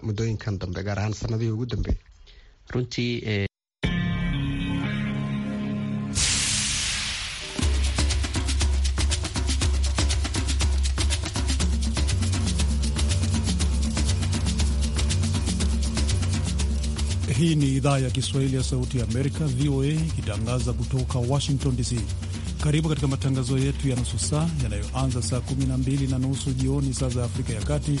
muddooyinkan dambe gaar ahaan sanadihii ugu dambe runtii eh, Hii ni idhaa ya Kiswahili ya Sauti ya Amerika, VOA, ikitangaza kutoka Washington DC. Karibu katika matangazo yetu ya nusu saa yanayoanza saa 12 na nusu jioni saa za Afrika ya Kati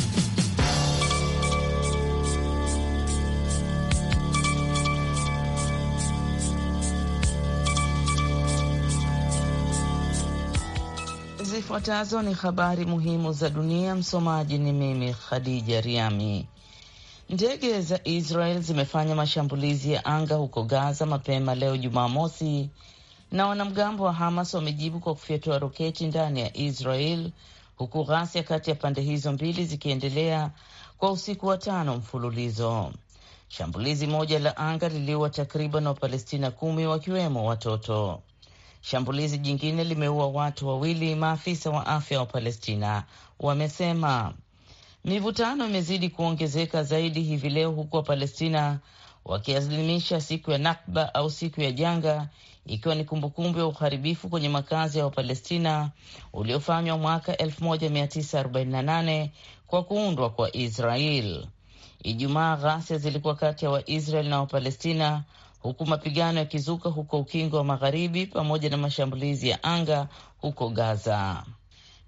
Zifuatazo ni habari muhimu za dunia. Msomaji ni mimi Khadija Riami. Ndege za Israel zimefanya mashambulizi ya anga huko Gaza mapema leo Jumamosi, na wanamgambo wa Hamas wamejibu kwa kufyatua roketi ndani ya Israel, huku ghasia kati ya pande hizo mbili zikiendelea kwa usiku wa tano mfululizo. Shambulizi moja la anga liliua takriban Wapalestina kumi wakiwemo watoto. Shambulizi jingine limeua watu wawili, maafisa wa afya wa Palestina wamesema. Mivutano imezidi kuongezeka zaidi hivi leo huku Wapalestina wakiazimisha siku ya Nakba au siku ya janga, ikiwa ni kumbukumbu ya uharibifu kwenye makazi ya Wapalestina uliofanywa mwaka 1948 kwa kuundwa kwa Israel. Ijumaa, ghasia zilikuwa kati ya Waisrael na Wapalestina huku mapigano yakizuka huko ukingo wa magharibi pamoja na mashambulizi ya anga huko Gaza.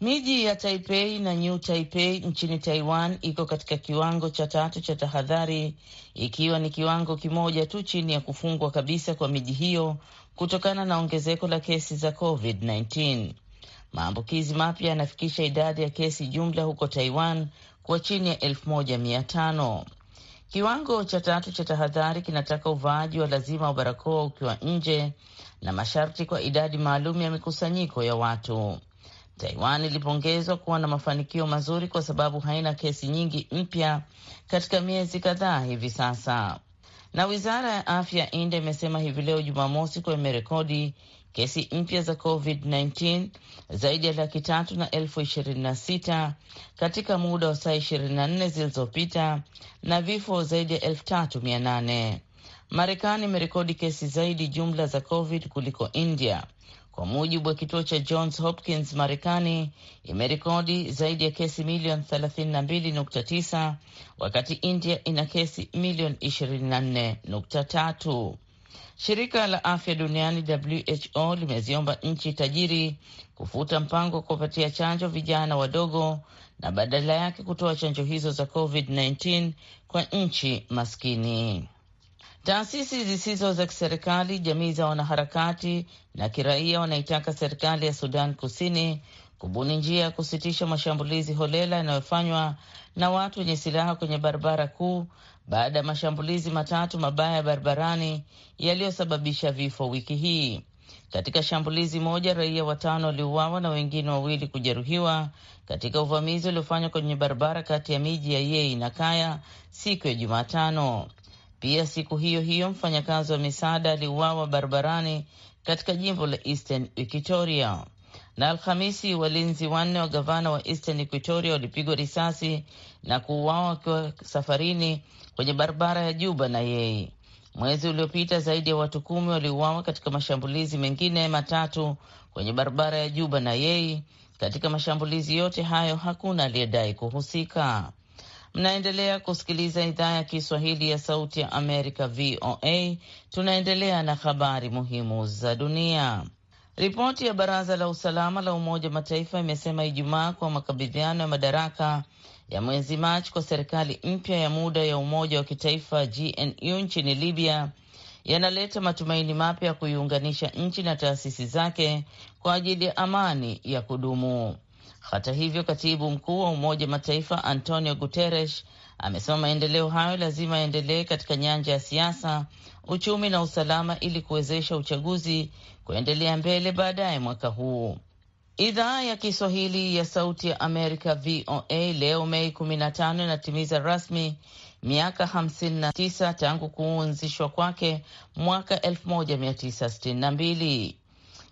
Miji ya Taipei na New Taipei nchini Taiwan iko katika kiwango cha tatu cha tahadhari, ikiwa ni kiwango kimoja tu chini ya kufungwa kabisa kwa miji hiyo kutokana na ongezeko la kesi za COVID-19. Maambukizi mapya yanafikisha idadi ya kesi jumla huko Taiwan kwa chini ya elfu moja mia tano. Kiwango cha tatu cha tahadhari kinataka uvaaji wa lazima wa barakoa ukiwa nje na masharti kwa idadi maalum ya mikusanyiko ya watu. Taiwan ilipongezwa kuwa na mafanikio mazuri kwa sababu haina kesi nyingi mpya katika miezi kadhaa hivi sasa. Na wizara ya afya ya India imesema hivi leo Jumamosi kuwa imerekodi kesi mpya za COVID-19 zaidi ya laki tatu na elfu ishirini na sita katika muda wa saa na nne zilizopita na vifo zaidi ya elfu tatu mia nane. Marekani imerekodi kesi zaidi jumla za COVID kuliko India. Kwa mujibu wa kituo cha Johns Hopkins, Marekani imerekodi zaidi ya kesi milioni 32.9 wakati India ina kesi milioni 24.3. Shirika la afya duniani WHO limeziomba nchi tajiri kufuta mpango wa kuwapatia chanjo vijana wadogo na badala yake kutoa chanjo hizo za COVID-19 kwa nchi maskini. Taasisi zisizo za kiserikali, jamii za wanaharakati na kiraia wanaitaka serikali ya Sudan Kusini kubuni njia ya kusitisha mashambulizi holela yanayofanywa na watu wenye silaha kwenye barabara kuu baada ya mashambulizi matatu mabaya ya barabarani yaliyosababisha vifo wiki hii. Katika shambulizi moja, raia watano waliuawa na wengine wawili kujeruhiwa katika uvamizi uliofanywa kwenye barabara kati ya miji ya Yei na Kaya siku ya Jumatano. Pia siku hiyo hiyo mfanyakazi wa misaada aliuawa barabarani katika jimbo la Eastern Victoria na Alhamisi walinzi wanne wa gavana wa Eastern Equatoria walipigwa risasi na kuuawa wakiwa safarini kwenye barabara ya Juba na Yei. Mwezi uliopita zaidi ya watu kumi waliuawa katika mashambulizi mengine matatu kwenye barabara ya Juba na Yei. Katika mashambulizi yote hayo hakuna aliyedai kuhusika. Mnaendelea kusikiliza idhaa ya Kiswahili ya Sauti ya Amerika, VOA. Tunaendelea na habari muhimu za dunia. Ripoti ya baraza la usalama la Umoja wa Mataifa imesema Ijumaa kwa makabidhiano ya madaraka ya mwezi Machi kwa serikali mpya ya muda ya umoja wa kitaifa GNU nchini Libya yanaleta matumaini mapya ya kuiunganisha nchi na taasisi zake kwa ajili ya amani ya kudumu. Hata hivyo, katibu mkuu wa Umoja Mataifa Antonio Guterres amesema maendeleo hayo lazima yaendelee katika nyanja ya siasa, uchumi na usalama ili kuwezesha uchaguzi kuendelea mbele baadaye mwaka huu. Idhaa ya Kiswahili ya Sauti ya Amerika, VOA, leo Mei 15 inatimiza rasmi miaka 59 tangu kuanzishwa kwake mwaka 1962.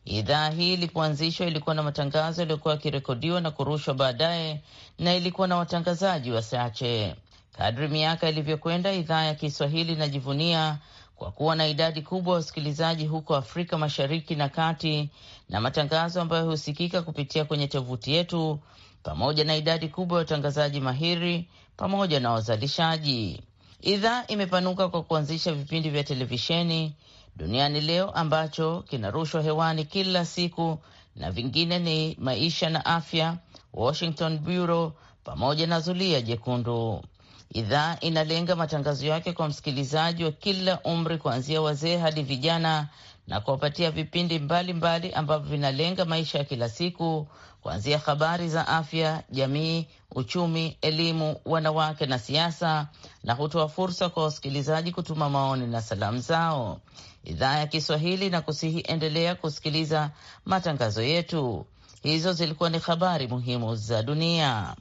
Idhaa hii ilipoanzishwa ilikuwa na matangazo yaliyokuwa yakirekodiwa na kurushwa baadaye, na ilikuwa na watangazaji wachache. Kadri miaka ilivyokwenda, idhaa ya Kiswahili inajivunia kwa kuwa na idadi kubwa ya wasikilizaji huko Afrika Mashariki na Kati, na matangazo ambayo husikika kupitia kwenye tovuti yetu, pamoja na idadi kubwa ya watangazaji mahiri pamoja na wazalishaji. Idhaa imepanuka kwa kuanzisha vipindi vya televisheni Duniani Leo ambacho kinarushwa hewani kila siku na vingine ni Maisha na Afya, Washington Bureau pamoja na Zulia Jekundu. Idhaa inalenga matangazo yake kwa msikilizaji wa kila umri, kuanzia wazee hadi vijana, na kuwapatia vipindi mbalimbali ambavyo vinalenga maisha ya kila siku, kuanzia habari za afya, jamii, uchumi, elimu, wanawake na siasa, na hutoa fursa kwa wasikilizaji kutuma maoni na salamu zao. Idhaa ya Kiswahili na kusihi endelea kusikiliza matangazo yetu. Hizo zilikuwa ni habari muhimu za dunia.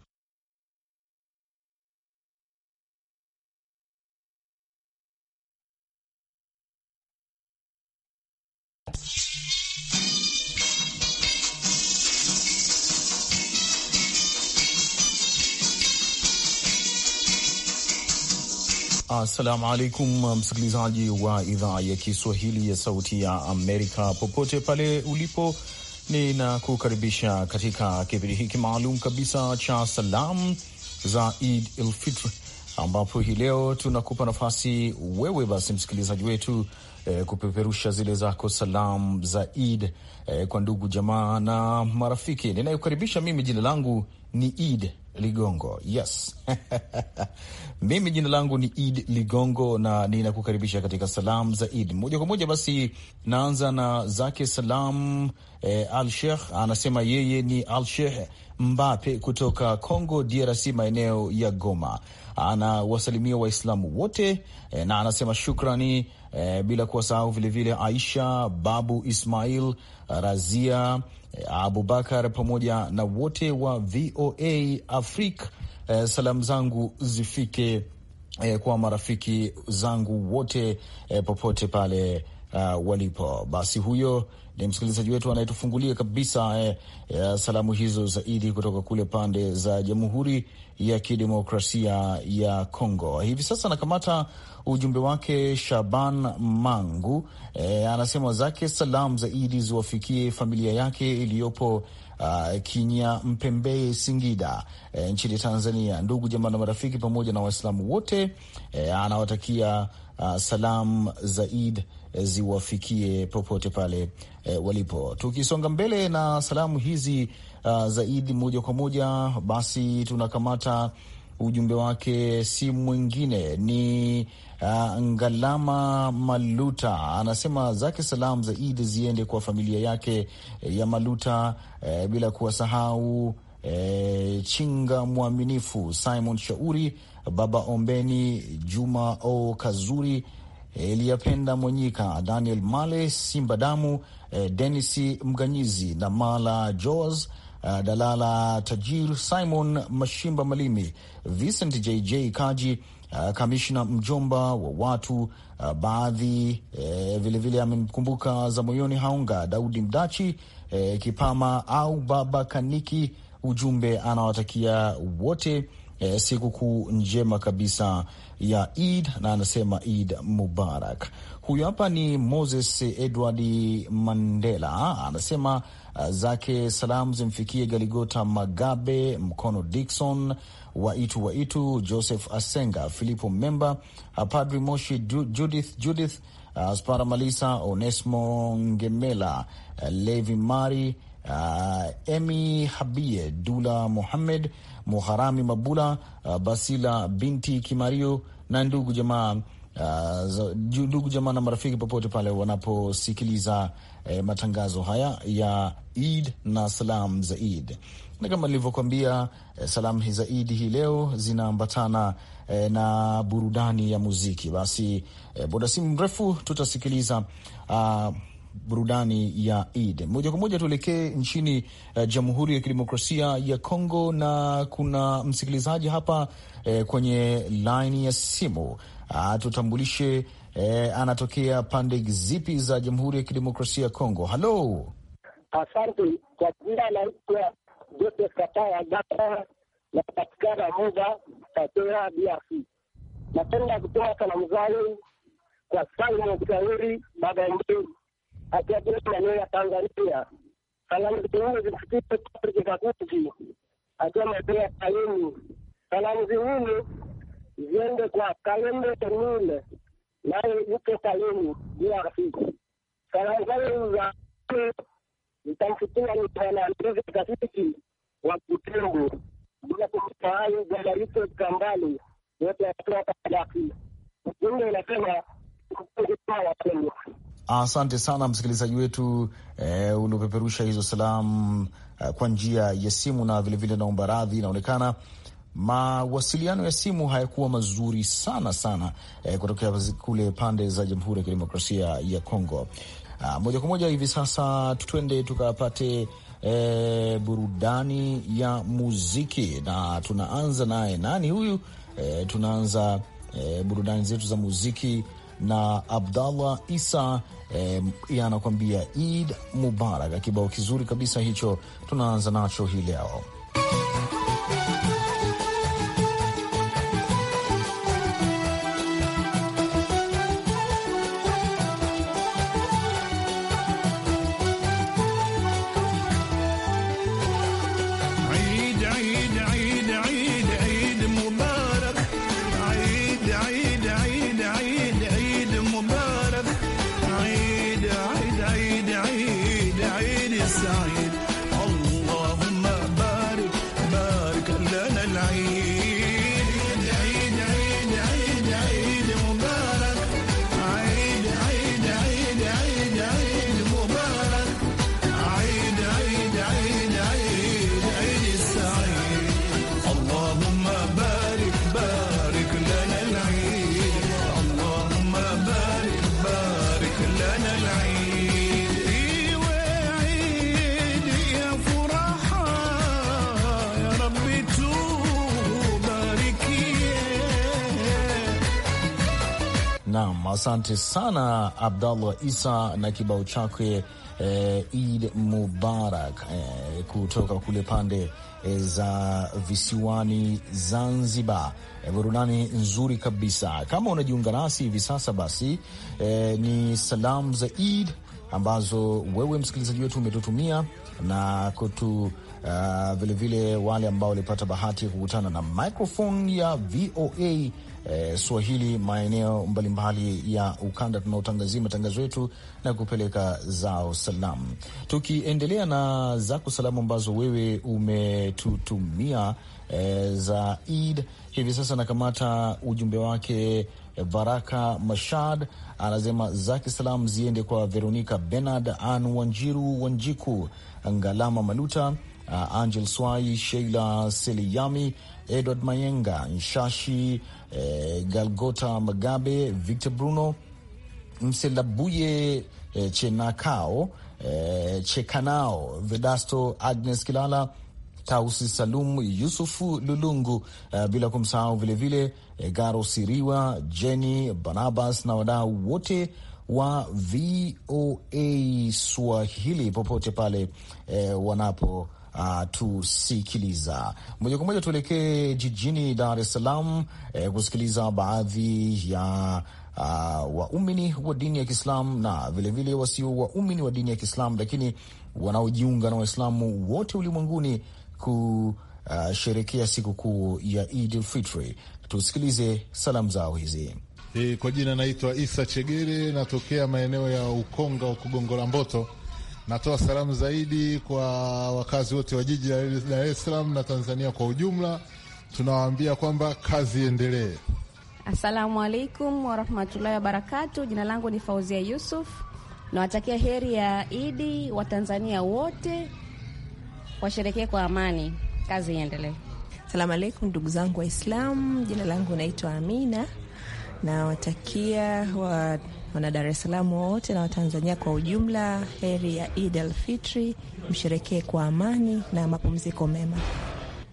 Assalamu alaikum, msikilizaji wa idhaa ya Kiswahili ya Sauti ya Amerika, popote pale ulipo, ninakukaribisha katika kipindi hiki maalum kabisa cha salamu za Eid el Fitr, ambapo hii leo tunakupa nafasi wewe, basi msikilizaji wetu eh, kupeperusha zile zako salam za Eid eh, kwa ndugu jamaa na marafiki. Ninayokaribisha mimi jina langu ni Eid Ligongo. Yes. Mimi jina langu ni Eid Ligongo na ninakukaribisha katika salam za Eid moja kwa moja. Basi naanza na zake salam eh, Al Sheikh anasema yeye ni Al Sheikh Mbape kutoka Congo DRC, maeneo ya Goma. Anawasalimia Waislamu wote eh, na anasema shukrani e, bila kuwasahau vilevile Aisha Babu Ismail, Razia eh, Abubakar pamoja na wote wa VOA Afrika. E, salamu zangu zifike e, kwa marafiki zangu wote e, popote pale Uh, walipo. Basi huyo ni msikilizaji wetu anayetufungulia kabisa eh, eh, salamu hizo zaidi kutoka kule pande za Jamhuri ya Kidemokrasia ya Kongo. Hivi sasa nakamata ujumbe wake Shaban Mangu e, anasema zake salam za Idi ziwafikie familia yake iliyopo Uh, Kinya Mpembeye Singida, eh, nchini Tanzania, ndugu jamaa na marafiki pamoja na Waislamu wote eh, anawatakia uh, ah, salam zaid eh, ziwafikie popote pale eh, walipo. Tukisonga mbele na salamu hizi uh, za moja kwa moja, basi tunakamata ujumbe wake si mwingine ni uh, Ngalama Maluta anasema zake salam za Idi ziende kwa familia yake eh, ya Maluta, uh, bila kuwasahau E, Chinga Mwaminifu, Simon Shauri, Baba Ombeni, Juma O Kazuri, Eliyapenda Mwenyika, Daniel Male, Simba Damu, Denis Mganyizi na Mala Joas, Dalala Tajir, Simon Mashimba Malimi, Vincent JJ Kaji uh, kamishna mjomba wa watu uh, baadhi vilevile eh, uh, amemkumbuka za moyoni Haunga Daudi Mdachi uh, Kipama au Baba Kaniki. Ujumbe anawatakia wote eh, sikukuu njema kabisa ya Eid na anasema Eid Mubarak. Huyu hapa ni Moses Edward Mandela, anasema eh, zake salamu zimfikie Galigota Magabe, Mkono Dikson Waitu Waitu, Joseph Asenga, Filipo Memba, eh, Padri Moshi, Judith Judith, Aspara eh, Malisa, Onesmo Ngemela, Levi Mari uh, ah, Emi Habie Dula muhamed Muharami Mabula uh, Basila binti Kimario na ndugu jamaa ah, ndugu jamaa na marafiki popote pale wanaposikiliza eh, matangazo haya ya Eid na salam za Eid. Na kama nilivyokuambia, eh, salamu za Eid hii leo zinaambatana eh, na burudani ya muziki. Basi eh, boda simu mrefu tutasikiliza uh, burudani ya Eid. Moja kwa moja tuelekee nchini uh, Jamhuri ya Kidemokrasia ya Kongo, na kuna msikilizaji hapa eh, kwenye laini ya simu atutambulishe ah, eh, anatokea pande zipi za Jamhuri ya Kidemokrasia ya Kongo. Halo, asante kwa jina, anaitwa Joseph Kataya Gata, napatikana muda Katera, DRC. Napenda kutoa salamu zangu kwa Simon Kisawiri Baga Mbeu akiatumia maeneo ya Tanzania, salamu zingine zimfikie Patrick Kakuji akiwa maeneo ya Kalemi. Salamu zingine ziende kwa Kalembe Temile, naye yuko Kalemi DRC. Salamu zangu za zitamfikia Mwanandozi Kasiki wa Kutembo, bila kumsahau Jadarito Kambali, wote wakiwa Kadaki. Ujumbe unasema wapendwa Asante sana msikilizaji wetu e, uliopeperusha hizo salamu e, kwa njia ya simu, na vilevile naomba radhi, inaonekana mawasiliano ya simu hayakuwa mazuri sana sana e, kutokea kule pande za Jamhuri ya Kidemokrasia ya Kongo. Ah, moja kwa moja hivi sasa tutwende tukapate e, burudani ya muziki, na tunaanza naye nani huyu? E, tunaanza e, burudani zetu za muziki na Abdallah Isa eh, anakuambia Eid Mubarak, kibao kizuri kabisa hicho tunaanza nacho hii leo. Asante sana Abdallah Isa na kibao chake eh, Id Mubarak eh, kutoka kule pande eh, za visiwani Zanzibar. Eh, burudani nzuri kabisa. Kama unajiunga nasi hivi sasa, basi eh, ni salamu za id ambazo wewe msikilizaji wetu umetutumia na kutu vilevile ah, uh, vile wale ambao walipata bahati ya kukutana na microphone ya VOA eh, Swahili maeneo mbalimbali ya ukanda tunaotangazia matangazo yetu na kupeleka zao salamu. Tukiendelea na zako salamu ambazo wewe umetutumia eh, za Eid hivi sasa, nakamata ujumbe wake eh, Baraka Mashad anasema zake salamu ziende kwa veronica Benard, An Wanjiru, Wanjiku, Ngalama Maluta uh, Angel Swai, Sheila Seliyami, Edward Mayenga, Nshashi eh, Galgota Magabe, Victor Bruno Mselabuye eh, Chenakao eh, Chekanao, Vedasto Agnes Kilala, Tausi Salum, Yusufu Lulungu, uh, bila kumsahau vilevile eh, Garo Siriwa, Jenny Barnabas na wadau wote wa VOA Swahili popote pale eh, wanapo uh, tusikiliza moja kwa moja. Tuelekee jijini Dar es Salaam eh, kusikiliza baadhi ya uh, waumini wa dini ya Kiislamu na vilevile wasio waumini wa dini ya Kiislamu, lakini wanaojiunga na Waislamu wote ulimwenguni kusherekea ah, sikukuu ya Idil Fitri. Tusikilize salamu zao hizi. E, kwa jina naitwa Isa Chegere, natokea maeneo ya Ukonga wa Kugongola Mboto Natoa salamu zaidi kwa wakazi wote wa jiji la Dar es Salaam na Tanzania kwa ujumla. Tunawaambia kwamba kazi iendelee. Assalamu alaikum warahmatullahi wabarakatu. Jina langu ni Fauzia Yusuf. Nawatakia heri ya Idi Watanzania wote, washerekee kwa amani. Kazi iendelee. Salamu alaikum ndugu zangu Waislamu, jina langu naitwa Amina. Nawatakia wa wana Dar es Salaam wote na Watanzania kwa ujumla, heri ya Eid al-Fitri, msherekee kwa amani na mapumziko mema.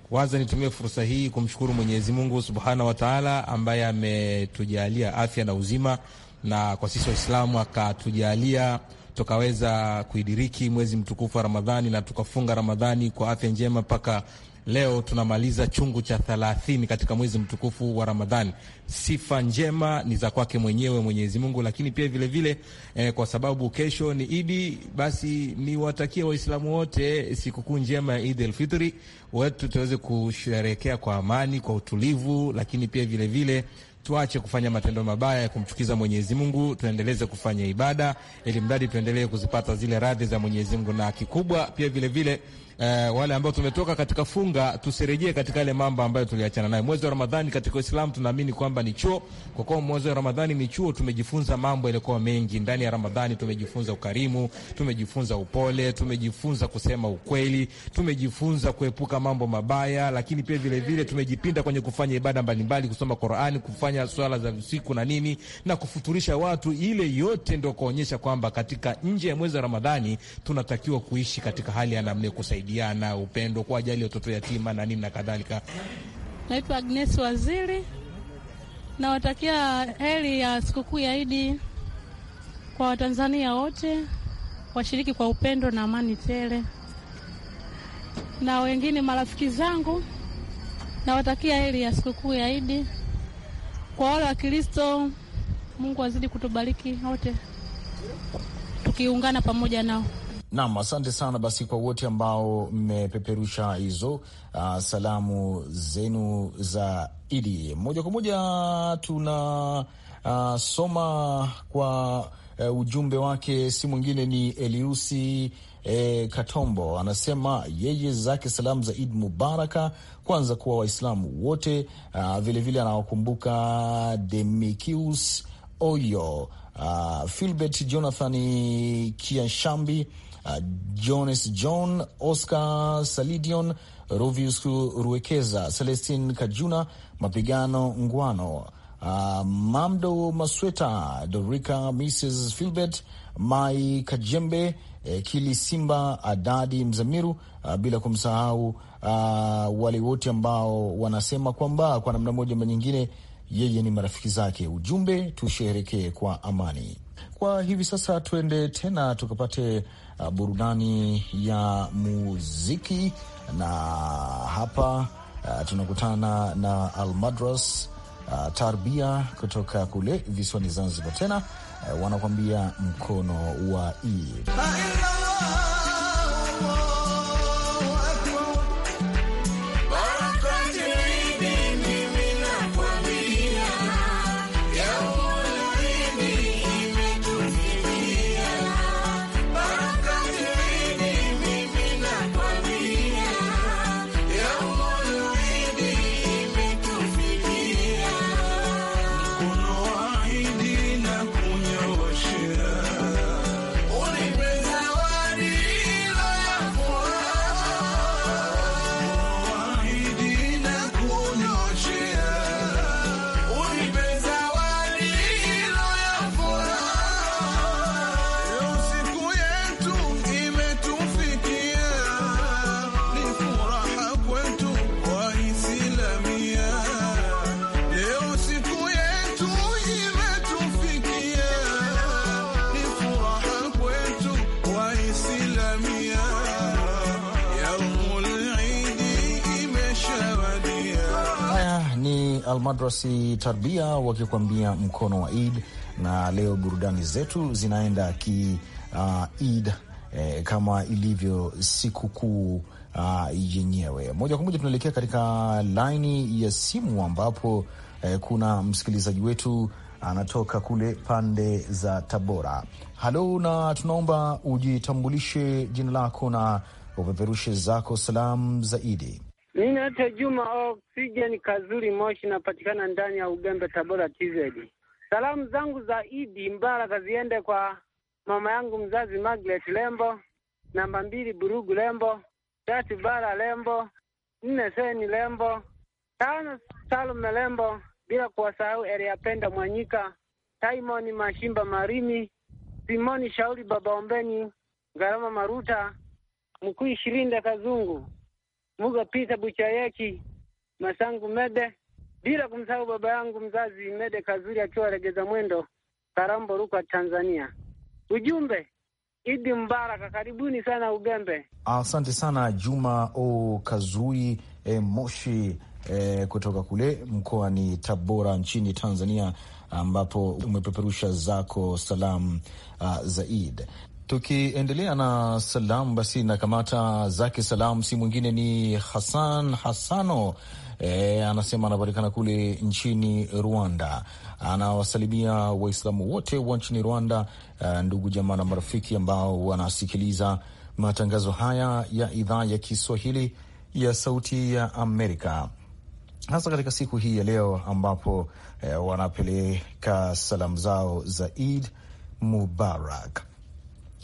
Kwanza nitumie fursa hii kumshukuru Mwenyezi Mungu subhanahu wa taala ambaye ametujalia afya na uzima, na kwa sisi Waislamu akatujalia tukaweza kuidiriki mwezi mtukufu wa Ramadhani na tukafunga Ramadhani kwa afya njema mpaka Leo tunamaliza chungu cha thelathini katika mwezi mtukufu wa Ramadhani. Sifa njema ni za kwake mwenyewe Mwenyezi Mungu, lakini pia vilevile vile, eh, kwa sababu kesho ni Idi, basi niwatakie Waislamu wote sikukuu njema ya Idi Elfitri wetu tuweze kusherekea kwa amani, kwa utulivu, lakini pia vilevile vile, tuache kufanya matendo mabaya ya kumchukiza Mwenyezi Mungu, tuendeleze kufanya ibada ili mradi tuendelee kuzipata zile radhi za Mwenyezi Mungu, na kikubwa pia vile vile, Uh, wale ambao tumetoka katika funga tusirejee katika yale mambo ambayo tuliachana nayo. Mwezi wa Ramadhani katika Uislamu tunaamini kwamba ni chuo. Kwa kuwa mwezi wa Ramadhani ni chuo, tumejifunza mambo yalikuwa mengi ndani ya Ramadhani. Tumejifunza ukarimu, tumejifunza upole, tumejifunza kusema ukweli, tumejifunza kuepuka mambo mabaya, lakini pia vile vile, tumejipinda kwenye kufanya ibada mbalimbali, kusoma Qur'ani, kufanya kufanya swala za usiku na nini na kufuturisha watu. Ile yote ndio kuonyesha kwamba katika nje ya mwezi wa Ramadhani tunatakiwa kuishi katika hali ya namna kusaidiana, upendo kwa ajili ya watoto yatima na nini na kadhalika. Naitwa Agnes Waziri, nawatakia heri ya sikukuu ya Idi kwa Watanzania wote, washiriki kwa upendo na amani tele. Na wengine marafiki zangu nawatakia heri ya sikukuu ya Idi kwa wale wa Kristo, Mungu azidi kutubariki wote tukiungana pamoja nao. Nam, asante sana basi kwa wote ambao mmepeperusha hizo uh, salamu zenu za Idi. Moja kwa moja tunasoma ah, uh, kwa uh, ujumbe wake si mwingine ni Eliusi e, Katombo anasema yeye zake salamu za Id Mubaraka kwanza kuwa Waislamu wote. Vilevile anawakumbuka Demikius Oyo, a, Filbert Jonathan Kiashambi, a, Jones John Oscar Salidion rovius Ruekeza, Celestin Kajuna, Mapigano Ngwano, uh, Mamdo Masweta, Dorika Mrs Filbert Mai Kajembe, e, Kili Simba, Adadi Mzamiru, a, e, bila kumsahau e, wale wote ambao wanasema kwamba kwa namna moja ama nyingine yeye ni marafiki zake. Ujumbe, tusheherekee kwa amani. Kwa hivi sasa tuende tena tukapate uh, burudani ya muziki, na hapa uh, tunakutana na Almadras uh, Tarbia kutoka kule visiwani Zanzibar tena Eh, wanakuambia mkono wa E. Madrasi Tarbia wakikwambia mkono wa Eid, na leo burudani zetu zinaenda ki uh, Eid eh, kama ilivyo sikukuu uh, yenyewe. Moja kwa moja tunaelekea katika laini ya simu ambapo eh, kuna msikilizaji wetu anatoka kule pande za Tabora. Halo, na tunaomba ujitambulishe jina lako na upeperushe zako salamu zaidi. Mimi naitwa Juma Oxygen oh, Kazuri Moshi, napatikana ndani ya Ugembe, Tabora TZ. Salamu zangu za Idi mbaraka ziende kwa mama yangu mzazi Margaret Lembo, namba mbili Burugu Lembo, tatu Bara Lembo, nne Seni Lembo, tano Salome Lembo, bila kuwasahau Penda Mwanyika, Simoni Mashimba Marimi, Simoni Shauri, Baba Ombeni, Garama Maruta, Mkuu Shirinde Kazungu Muga Pita Buchayeki Masangu Mede, bila kumsahau baba yangu mzazi Mede Kazuri akiwa Regeza Mwendo, Karambo, Rukwa, Tanzania. Ujumbe Idi Mbaraka, karibuni sana Ugembe. Asante sana Juma O Kazui e, Moshi e, kutoka kule mkoani Tabora nchini Tanzania, ambapo umepeperusha zako salamu uh, zaid Tukiendelea na salamu basi, na kamata zake salamu si mwingine ni Hasan Hasano. E, anasema anapatikana kule nchini Rwanda, anawasalimia Waislamu wote wa nchini Rwanda, e, ndugu jamaa na marafiki ambao wanasikiliza matangazo haya ya idhaa ya Kiswahili ya Sauti ya Amerika, hasa katika siku hii ya leo ambapo e, wanapeleka salamu zao za Eid Mubarak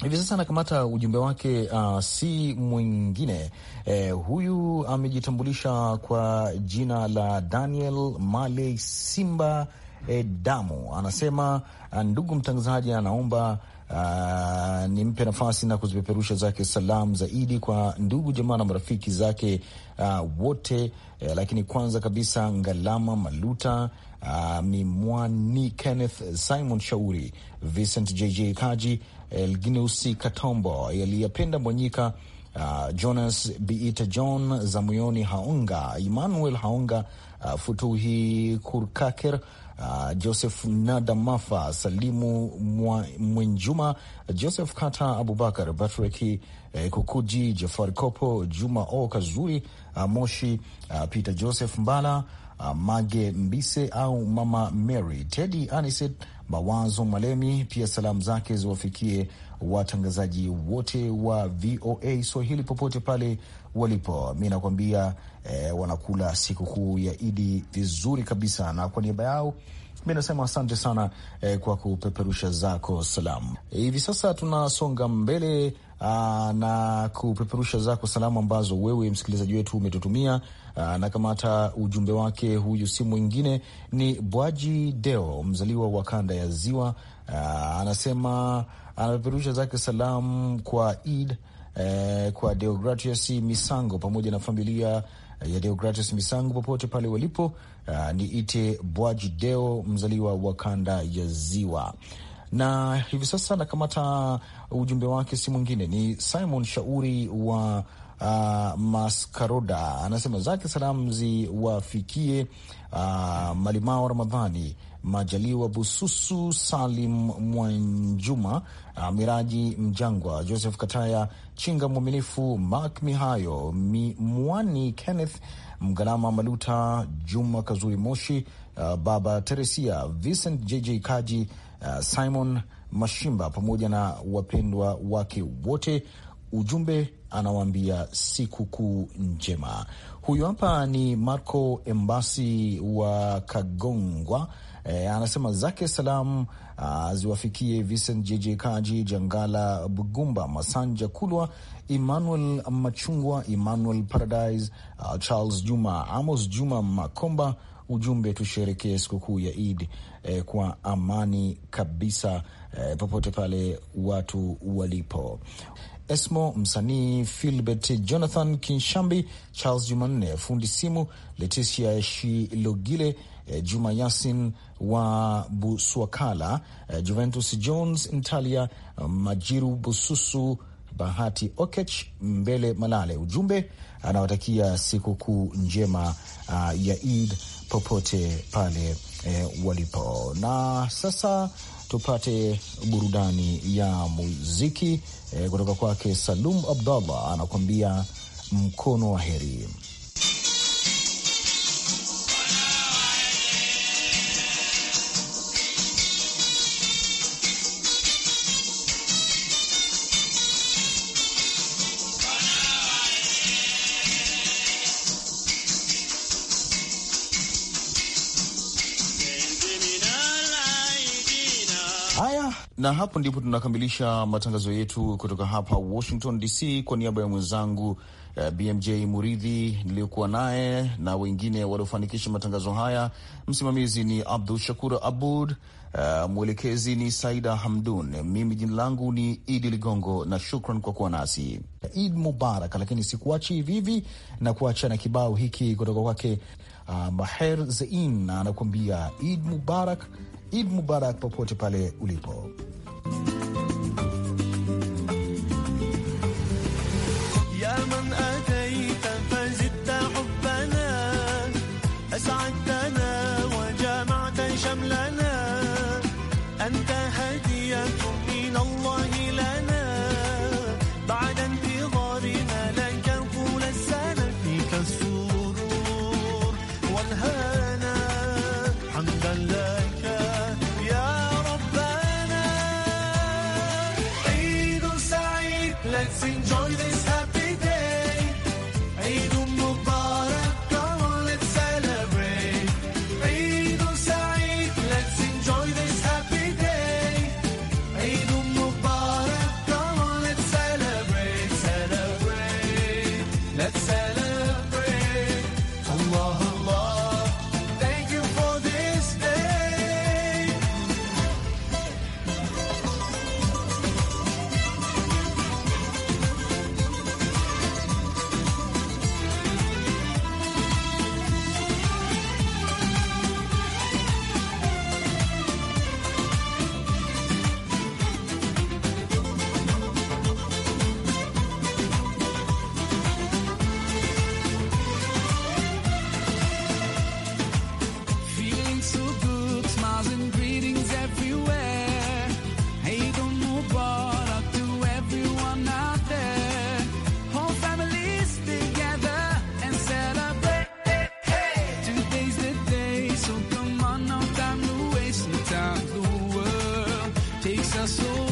hivi sasa anakamata ujumbe wake. Uh, si mwingine eh, huyu amejitambulisha kwa jina la Daniel Male Simba eh, Damu. Anasema ndugu mtangazaji, anaomba uh, nimpe nafasi na kuzipeperusha zake salam zaidi kwa ndugu jamaa na marafiki zake uh, wote uh, lakini kwanza kabisa Ngalama Maluta uh, Mimwani Kenneth Simon Shauri Vincent JJ Kaji Elgineusi Katombo yaliyapenda mwanyika uh, Jonas Biita John Zamuyoni Haonga Emmanuel Haonga uh, Futuhi Kurkaker uh, Joseph Nadamafa, Salimu Mwenjuma, Joseph Kata, Abubakar Batreki, eh, Kukuji Jafar Kopo, Juma O Kazuri, uh, Moshi, uh, Peter Joseph Mbala, uh, Mage Mbise au Mama Mary Tedi Aniset Mawazo Malemi. Pia salamu zake ziwafikie watangazaji wote wa VOA Swahili popote pale walipo. Mi nakwambia e, wanakula sikukuu ya Idi vizuri kabisa, na kwa niaba yao mi nasema asante sana e, kwa kupeperusha zako salamu. Hivi sasa tunasonga mbele a, ah, na kupeperusha zako salamu ambazo wewe msikilizaji wetu umetutumia ah, na kamata ujumbe wake. Huyu si mwingine ni Bwaji Deo, mzaliwa wa kanda ya Ziwa. Aa, ah, anasema anapeperusha zake salamu kwa Eid eh, kwa Deogratias Misango pamoja na familia ya Deogratus Misango popote pale walipo. Uh, ni ite deo mzaliwa wa kanda ya Ziwa, na hivi sasa nakamata ujumbe wake, si mwingine ni Simon Shauri wa Uh, Maskaroda anasema zake salamu ziwafikie uh, Malimao Ramadhani Majaliwa Bususu, Salim Mwanjuma, uh, Miraji Mjangwa, Joseph Kataya, Chinga Mwaminifu, Mark Mihayo, Mwani Kenneth Mgalama, Maluta Juma, Kazuri Moshi, uh, Baba Teresia, Vincent JJ Kaji, uh, Simon Mashimba pamoja na wapendwa wake wote. Ujumbe anawaambia sikukuu njema. Huyu hapa ni Marco Embasi wa Kagongwa E, anasema zake salam ah, ziwafikie Vincent JJ Kaji, Jangala Bugumba, Masanja Kulwa, Emmanuel Machungwa, Emmanuel Paradise, uh, Charles Juma, Amos Juma Makomba. Ujumbe, tusherekee sikukuu ya Id eh, kwa amani kabisa eh, popote pale watu walipo. Esmo msanii, Filbert Jonathan Kinshambi, Charles Jumanne fundi simu, Leticia Shilogile eh, Juma Yasin wa Buswakala, eh, Juventus Jones Ntalia, Majiru Bususu, Bahati Okech, Mbele Malale. Ujumbe anawatakia sikukuu njema uh, ya id popote pale eh, walipo. Na sasa tupate burudani ya muziki eh, kutoka kwake Salum Abdallah anakuambia mkono wa heri. na hapo ndipo tunakamilisha matangazo yetu kutoka hapa Washington DC. Kwa niaba ya mwenzangu Uh, eh, BMJ Muridhi niliyokuwa naye na wengine waliofanikisha matangazo haya. Msimamizi ni Abdul Shakur Abud, uh, mwelekezi ni Saida Hamdun, mimi jina langu ni Idi Ligongo na shukran kwa kuwa nasi. Id Mubarak, lakini sikuachi hivi na kuacha na kibao hiki kutoka kwake uh, Maher Zein anakuambia Id Mubarak. Eid Mubarak popote pale ulipo. so.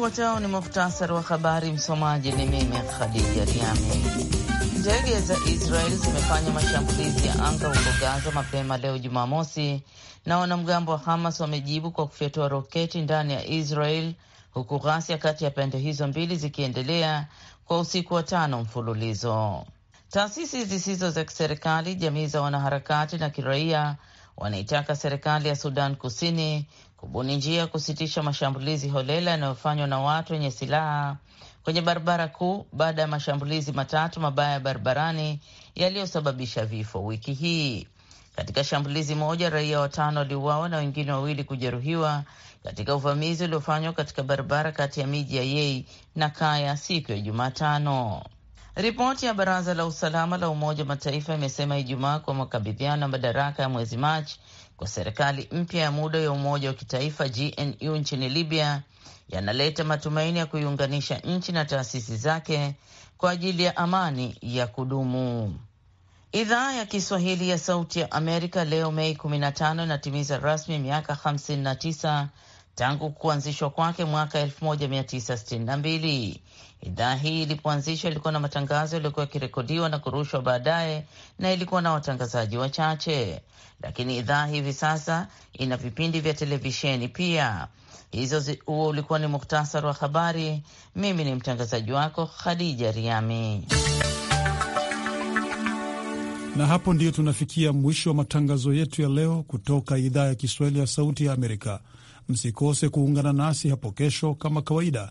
Ufuatao ni muhtasari wa habari. Msomaji ni mimi Khadija Riami. Ndege za Israel zimefanya mashambulizi ya anga huko Gaza mapema leo Jumamosi, na wanamgambo wa Hamas wamejibu kwa kufyatua roketi ndani ya Israel, huku ghasia kati ya pande hizo mbili zikiendelea kwa usiku wa tano mfululizo. Taasisi zisizo za kiserikali, jamii za wanaharakati na kiraia wanaitaka serikali ya Sudan Kusini kubuni njia ya kusitisha mashambulizi holela yanayofanywa na watu wenye silaha kwenye barabara kuu baada ya mashambulizi matatu mabaya ya barabarani yaliyosababisha vifo wiki hii. Katika shambulizi moja, raia watano waliuawa na wengine wawili kujeruhiwa katika uvamizi uliofanywa katika barabara kati ya miji ya Yei na Kaya siku ya Jumatano. Ripoti ya baraza la usalama la Umoja wa Mataifa imesema Ijumaa kuwa makabidhiano ya madaraka ya mwezi Machi kwa serikali mpya ya muda ya umoja wa kitaifa GNU nchini Libya yanaleta matumaini ya kuiunganisha nchi na taasisi zake kwa ajili ya amani ya kudumu. Idhaa ya Kiswahili ya Sauti ya Amerika leo Mei 15 inatimiza rasmi miaka 59 tangu kuanzishwa kwake mwaka 1962. Idhaa hii ilipoanzishwa ilikuwa na matangazo yaliyokuwa yakirekodiwa na kurushwa baadaye na ilikuwa na watangazaji wachache, lakini idhaa hivi sasa ina vipindi vya televisheni pia. Hizo huo ulikuwa ni muktasari wa habari. Mimi ni mtangazaji wako Khadija Riami, na hapo ndiyo tunafikia mwisho wa matangazo yetu ya leo kutoka idhaa ya Kiswahili ya Sauti ya Amerika. Msikose kuungana nasi hapo kesho kama kawaida